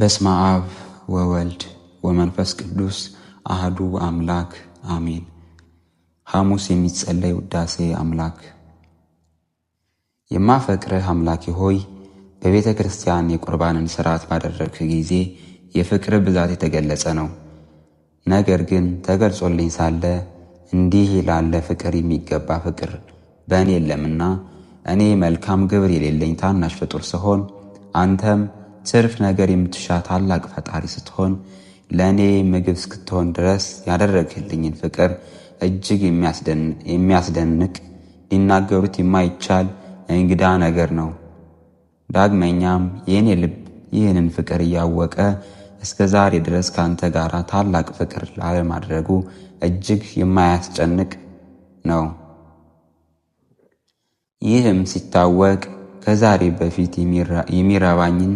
በስመ አብ ወወልድ ወመንፈስ ቅዱስ አህዱ አምላክ አሜን። ሐሙስ የሚጸለይ ውዳሴ አምላክ የማፈቅርህ አምላኬ ሆይ በቤተ ክርስቲያን የቁርባንን ሥርዓት ባደረግህ ጊዜ የፍቅር ብዛት የተገለጸ ነው። ነገር ግን ተገልጾልኝ ሳለ እንዲህ ላለ ፍቅር የሚገባ ፍቅር በእኔ የለምና እኔ መልካም ግብር የሌለኝ ታናሽ ፍጡር ስሆን አንተም ትርፍ ነገር የምትሻ ታላቅ ፈጣሪ ስትሆን ለእኔ ምግብ እስክትሆን ድረስ ያደረግህልኝን ፍቅር እጅግ የሚያስደንቅ ሊናገሩት የማይቻል እንግዳ ነገር ነው። ዳግመኛም የእኔ ልብ ይህንን ፍቅር እያወቀ እስከ ዛሬ ድረስ ከአንተ ጋር ታላቅ ፍቅር ላለማድረጉ እጅግ የማያስጨንቅ ነው። ይህም ሲታወቅ ከዛሬ በፊት የሚረባኝን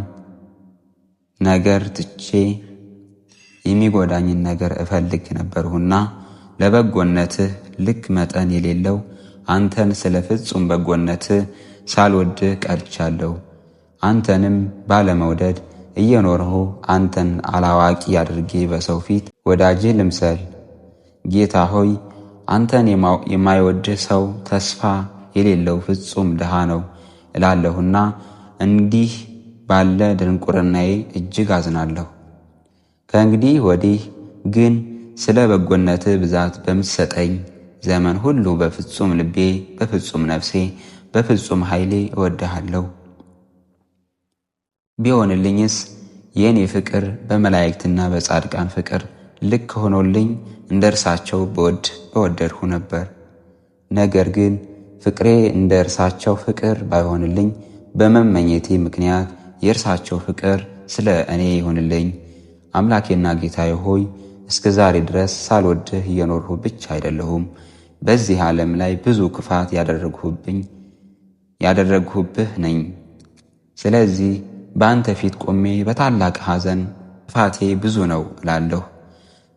ነገር ትቼ የሚጎዳኝን ነገር እፈልግ ነበርሁና ለበጎነትህ ልክ መጠን የሌለው አንተን ስለ ፍጹም በጎነትህ ሳልወድህ ቀርቻለሁ። አንተንም ባለመውደድ እየኖርሁ አንተን አላዋቂ አድርጌ በሰው ፊት ወዳጅ ልምሰል። ጌታ ሆይ አንተን የማይወድህ ሰው ተስፋ የሌለው ፍጹም ድሃ ነው እላለሁና እንዲህ ባለ ድንቁርናዬ እጅግ አዝናለሁ። ከእንግዲህ ወዲህ ግን ስለ በጎነትህ ብዛት በምትሰጠኝ ዘመን ሁሉ በፍጹም ልቤ፣ በፍጹም ነፍሴ፣ በፍጹም ኃይሌ እወድሃለሁ። ቢሆንልኝስ የእኔ ፍቅር በመላእክትና በጻድቃን ፍቅር ልክ ሆኖልኝ እንደ እርሳቸው በወድ እወደድሁ ነበር። ነገር ግን ፍቅሬ እንደ እርሳቸው ፍቅር ባይሆንልኝ በመመኘቴ ምክንያት የእርሳቸው ፍቅር ስለ እኔ ይሆንልኝ። አምላኬና ጌታዬ ሆይ እስከ ዛሬ ድረስ ሳልወድህ እየኖርሁ ብቻ አይደለሁም፣ በዚህ ዓለም ላይ ብዙ ክፋት ያደረግሁብኝ ያደረግሁብህ ነኝ። ስለዚህ በአንተ ፊት ቆሜ በታላቅ ሐዘን ጥፋቴ ብዙ ነው እላለሁ።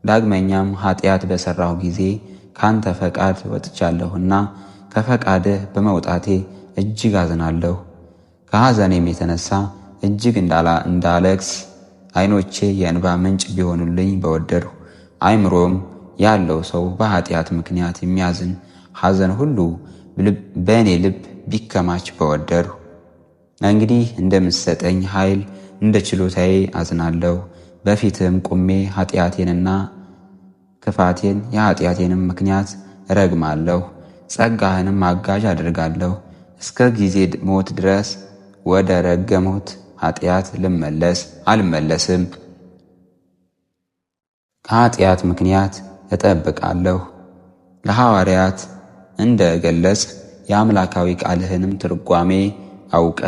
ዳግመኛም ኃጢአት በሠራሁ ጊዜ ከአንተ ፈቃድ ወጥቻለሁና ከፈቃድህ በመውጣቴ እጅግ አዝናለሁ። ከሐዘኔም የተነሳ እጅግ እንዳለቅስ አይኖቼ የእንባ ምንጭ ቢሆኑልኝ በወደድሁ። አይምሮም ያለው ሰው በኃጢአት ምክንያት የሚያዝን ሐዘን ሁሉ በእኔ ልብ ቢከማች በወደድሁ። እንግዲህ እንደምትሰጠኝ ኃይል እንደ ችሎታዬ አዝናለሁ። በፊትም ቁሜ ኃጢአቴንና ክፋቴን የኃጢአቴንም ምክንያት እረግማለሁ። ጸጋህንም አጋዥ አድርጋለሁ እስከ ጊዜ ሞት ድረስ ወደ ረገሞት ኃጢአት ልመለስ አልመለስም፣ ከኃጢአት ምክንያት እጠብቃለሁ። ለሐዋርያት እንደ ገለጽ የአምላካዊ ቃልህንም ትርጓሜ አውቀ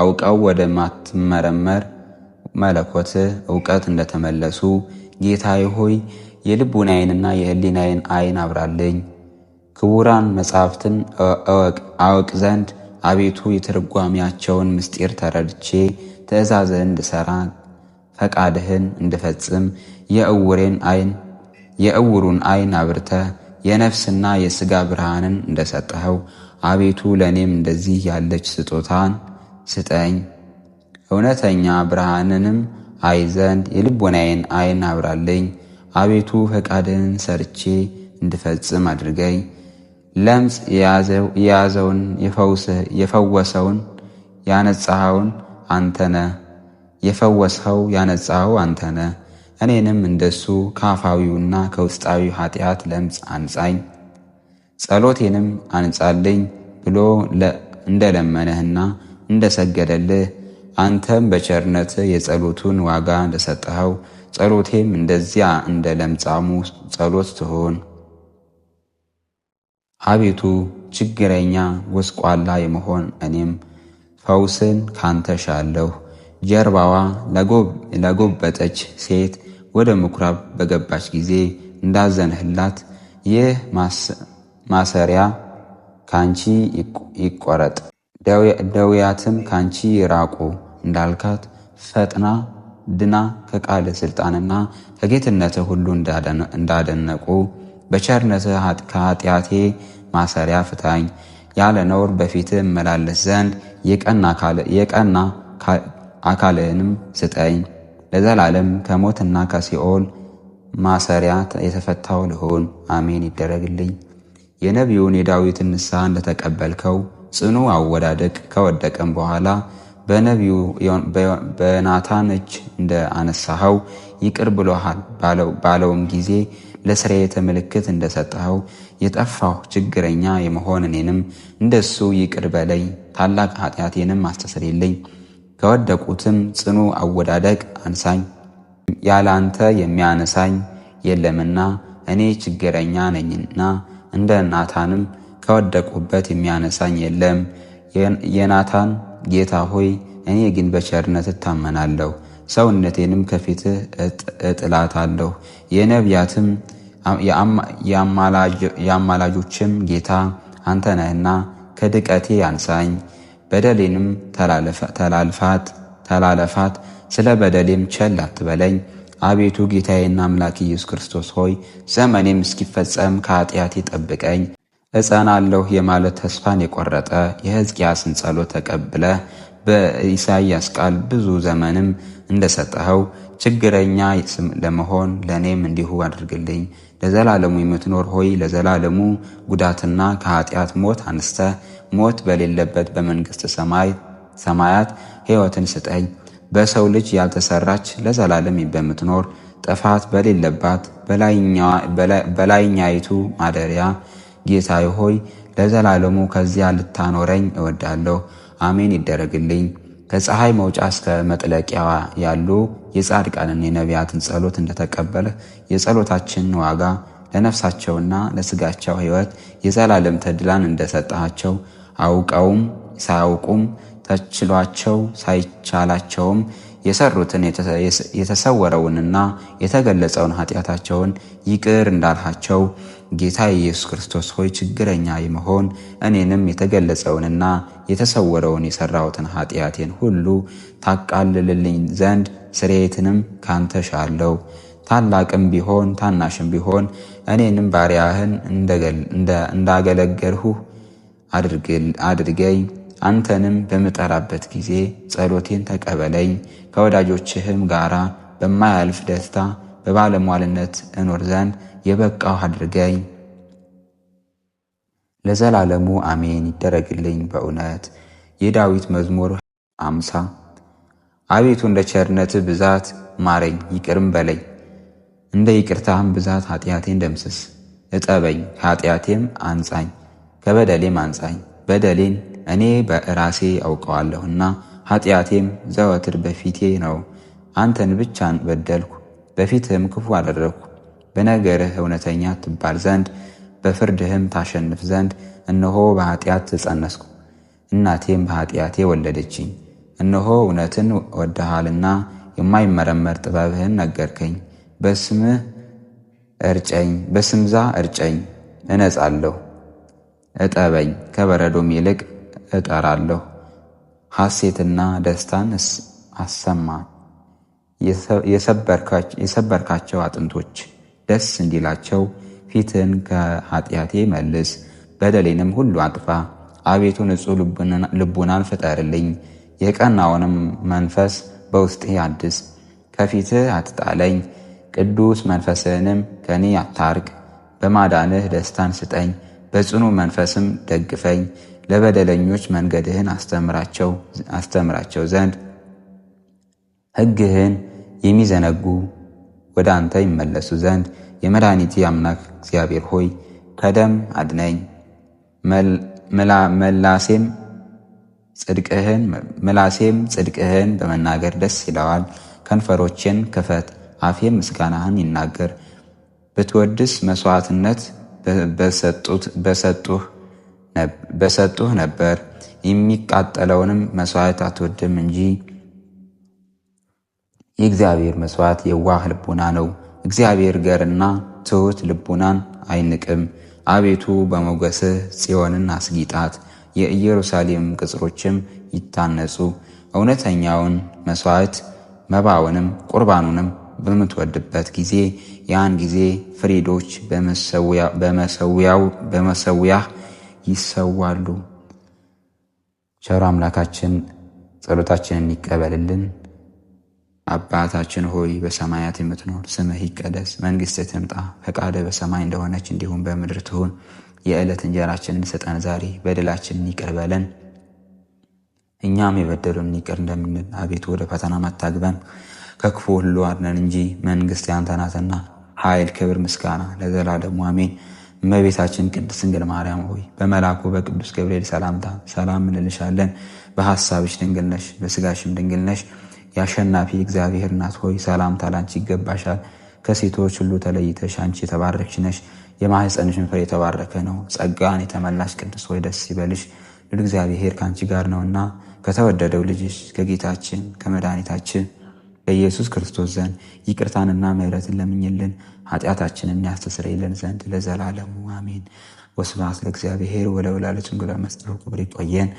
አውቀው ወደማትመረመር መለኮት እውቀት እንደተመለሱ ጌታዬ ሆይ የልቡናዬንና አይን ዓይን አብራልኝ፣ ክቡራን መጻሕፍትን አውቅ ዘንድ አቤቱ የትርጓሚያቸውን ምስጢር ተረድቼ ትእዛዝህን እንድሠራ ፈቃድህን እንድፈጽም የእውሬን አይን የእውሩን አይን አብርተ የነፍስና የሥጋ ብርሃንን እንደሰጠኸው አቤቱ ለእኔም እንደዚህ ያለች ስጦታን ስጠኝ። እውነተኛ ብርሃንንም አይ ዘንድ የልቦናዬን አይን አብራልኝ። አቤቱ ፈቃድህን ሰርቼ እንድፈጽም አድርገኝ። ለምጽ የያዘውን የፈወሰውን ያነጻኸውን አንተነ የፈወስኸው ያነጻኸው አንተነ እኔንም እንደሱ ከአፋዊውና ከውስጣዊው ኃጢአት ለምጽ አንጻኝ ጸሎቴንም አንጻልኝ ብሎ እንደለመነህና እንደሰገደልህ አንተም በቸርነት የጸሎቱን ዋጋ እንደሰጠኸው ጸሎቴም እንደዚያ እንደ ለምጻሙ ጸሎት ትሆን። አቤቱ ችግረኛ ጎስቋላ የመሆን እኔም ፈውስን ካንተ ሻለሁ። ጀርባዋ ለጎበጠች ሴት ወደ ምኩራብ በገባች ጊዜ እንዳዘንህላት ይህ ማሰሪያ ካንቺ ይቆረጥ፣ ደውያትም ካንቺ ይራቁ እንዳልካት ፈጥና ድና ከቃለ ስልጣንና ከጌትነት ሁሉ እንዳደነቁ በቸርነትህ ከኃጢአቴ ማሰሪያ ፍታኝ፣ ያለ ነውር በፊትህ እመላለስ ዘንድ የቀና አካልህንም ስጠኝ። ለዘላለም ከሞትና ከሲኦል ማሰሪያ የተፈታው ልሆን አሜን ይደረግልኝ። የነቢዩን የዳዊትን ንስሐ እንደተቀበልከው ጽኑ አወዳደቅ ከወደቀም በኋላ በነቢዩ በናታን እጅ እንደ አነሳኸው ይቅር ብሎሃል ባለውም ጊዜ ለስራዬ ምልክት እንደሰጠኸው የጠፋሁ ችግረኛ የመሆን እኔንም እንደሱ ይቅር በለኝ፣ ታላቅ ኃጢአቴንም አስተሰርይልኝ፣ ከወደቁትም ጽኑ አወዳደቅ አንሳኝ፣ ያለ አንተ የሚያነሳኝ የለምና እኔ ችግረኛ ነኝና፣ እንደ ናታንም ከወደቁበት የሚያነሳኝ የለም። የናታን ጌታ ሆይ እኔ ግን በቸርነት እታመናለሁ፣ ሰውነቴንም ከፊትህ እጥላታለሁ የነቢያትም የአማላጆችም ጌታ አንተ ነህና ከድቀቴ ያንሳኝ በደሌንም ተላለፋት፣ ስለ በደሌም ቸል አትበለኝ። አቤቱ ጌታዬና አምላክ ኢየሱስ ክርስቶስ ሆይ ዘመኔም እስኪፈጸም ከኃጢአቴ ጠብቀኝ። እጸናለሁ የማለት ተስፋን የቆረጠ የሕዝቅያስን ጸሎት ተቀብለ በኢሳይያስ ቃል ብዙ ዘመንም እንደሰጠኸው ችግረኛ ለመሆን ለእኔም እንዲሁ አድርግልኝ። ለዘላለሙ የምትኖር ሆይ ለዘላለሙ ጉዳትና ከኃጢአት ሞት አንስተ ሞት በሌለበት በመንግሥት ሰማያት ሕይወትን ስጠኝ። በሰው ልጅ ያልተሰራች ለዘላለም በምትኖር ጥፋት በሌለባት በላይኛይቱ ማደሪያ ጌታዬ ሆይ ለዘላለሙ ከዚያ ልታኖረኝ እወዳለሁ። አሜን ይደረግልኝ። ከፀሐይ መውጫ እስከ መጥለቂያዋ ያሉ የጻድቃንን የነቢያትን ጸሎት እንደተቀበለ የጸሎታችንን ዋጋ ለነፍሳቸውና ለስጋቸው ህይወት የዘላለም ተድላን እንደሰጣቸው አውቀውም ሳያውቁም ተችሏቸው ሳይቻላቸውም የሰሩትን የተሰወረውንና የተገለጸውን ኃጢአታቸውን ይቅር እንዳልሃቸው ጌታ ኢየሱስ ክርስቶስ ሆይ ችግረኛ መሆን እኔንም የተገለጸውንና የተሰወረውን የሰራሁትን ኃጢአቴን ሁሉ ታቃልልልኝ ዘንድ ስሬትንም ካንተ ሻለው። ታላቅም ቢሆን ታናሽም ቢሆን እኔንም ባሪያህን እንዳገለገልሁ አድርገኝ። አንተንም በምጠራበት ጊዜ ጸሎቴን ተቀበለኝ። ከወዳጆችህም ጋራ በማያልፍ ደስታ በባለሟልነት እኖር ዘንድ የበቃሁ አድርገኝ። ለዘላለሙ አሜን ይደረግልኝ። በእውነት የዳዊት መዝሙር አምሳ አቤቱ እንደ ቸርነት ብዛት ማረኝ፣ ይቅርም በለኝ። እንደ ይቅርታህም ብዛት ኃጢአቴን ደምስስ፣ እጠበኝ፣ ከኃጢአቴም አንጻኝ፣ ከበደሌም አንጻኝ። በደሌን እኔ በራሴ አውቀዋለሁና ኃጢአቴም ዘወትር በፊቴ ነው። አንተን ብቻን በደልኩ፣ በፊትህም ክፉ አደረግኩ። በነገርህ እውነተኛ ትባል ዘንድ በፍርድህም ታሸንፍ ዘንድ እነሆ በኃጢአት ተጸነስኩ፣ እናቴም በኃጢአቴ ወለደችኝ። እነሆ እውነትን ወድሃልና የማይመረመር ጥበብህን ነገርከኝ። በስምህ እርጨኝ በስምዛ እርጨኝ እነጻለሁ። እጠበኝ ከበረዶም ይልቅ እጠራለሁ። ሐሴትና ደስታን አሰማ። የሰበርካቸው አጥንቶች ደስ እንዲላቸው ፊትህን ከኃጢአቴ መልስ፣ በደሌንም ሁሉ አጥፋ። አቤቱ ንጹሕ ልቡናን ፍጠርልኝ። የቀናውንም መንፈስ በውስጥ አድስ፣ ከፊትህ አትጣለኝ፣ ቅዱስ መንፈስህንም ከኔ አታርቅ። በማዳንህ ደስታን ስጠኝ፣ በጽኑ መንፈስም ደግፈኝ። ለበደለኞች መንገድህን አስተምራቸው ዘንድ ሕግህን የሚዘነጉ ወደ አንተ ይመለሱ ዘንድ የመድኃኒቴ አምላክ እግዚአብሔር ሆይ ከደም አድነኝ መላሴም ጽድቅህን ምላሴም ጽድቅህን በመናገር ደስ ይለዋል። ከንፈሮቼን ክፈት፣ አፌም ምስጋናህን ይናገር። ብትወድስ መሥዋዕትነት በሰጡህ ነበር፣ የሚቃጠለውንም መሥዋዕት አትወድም እንጂ። የእግዚአብሔር መሥዋዕት የዋህ ልቡና ነው። እግዚአብሔር ገርና ትሑት ልቡናን አይንቅም። አቤቱ በሞገስህ ጽዮንን አስጊጣት የኢየሩሳሌም ቅጽሮችም ይታነጹ። እውነተኛውን መሥዋዕት መባውንም ቁርባኑንም በምትወድበት ጊዜ ያን ጊዜ ፍሪዶች በመሰዊያህ ይሰዋሉ። ቸሩ አምላካችን ጸሎታችንን ይቀበልልን። አባታችን ሆይ በሰማያት የምትኖር ስምህ ይቀደስ፣ መንግሥት ትምጣ፣ ፈቃደ በሰማይ እንደሆነች እንዲሁም በምድር ትሁን። የዕለት እንጀራችንን ስጠን ዛሬ፣ በደላችንን ይቅር በለን እኛም የበደሉን ይቅር እንደምንል፣ አቤቱ ወደ ፈተና አታግባን ከክፉ ሁሉ አድነን እንጂ መንግስት ያንተ ናትና፣ ኃይል፣ ክብር፣ ምስጋና ለዘላለሙ አሜን። እመቤታችን ቅድስት ድንግል ማርያም ሆይ በመልአኩ በቅዱስ ገብርኤል ሰላምታ ሰላም እንልሻለን። በሐሳብሽ ድንግል ነሽ፣ በሥጋሽም ድንግል ነሽ። የአሸናፊ እግዚአብሔር እናት ሆይ ሰላምታ ላንቺ ይገባሻል። ከሴቶች ሁሉ ተለይተሽ አንቺ የተባረክሽ ነሽ። የማኅፀንሽን ፍሬ የተባረከ ነው። ጸጋን የተመላሽ ቅድስት ሆይ ደስ ይበልሽ፣ ልዑል እግዚአብሔር ከአንቺ ጋር ነውና ከተወደደው ልጅሽ ከጌታችን ከመድኃኒታችን በኢየሱስ ክርስቶስ ዘንድ ይቅርታንና ምሕረትን ለምኝልን ኃጢአታችንን ያስተሰርይልን ዘንድ ለዘላለሙ አሜን። ወስብሐት ለእግዚአብሔር ወለወላዲቱ ድንግል ወለመስቀሉ ክቡር። ይቆየን።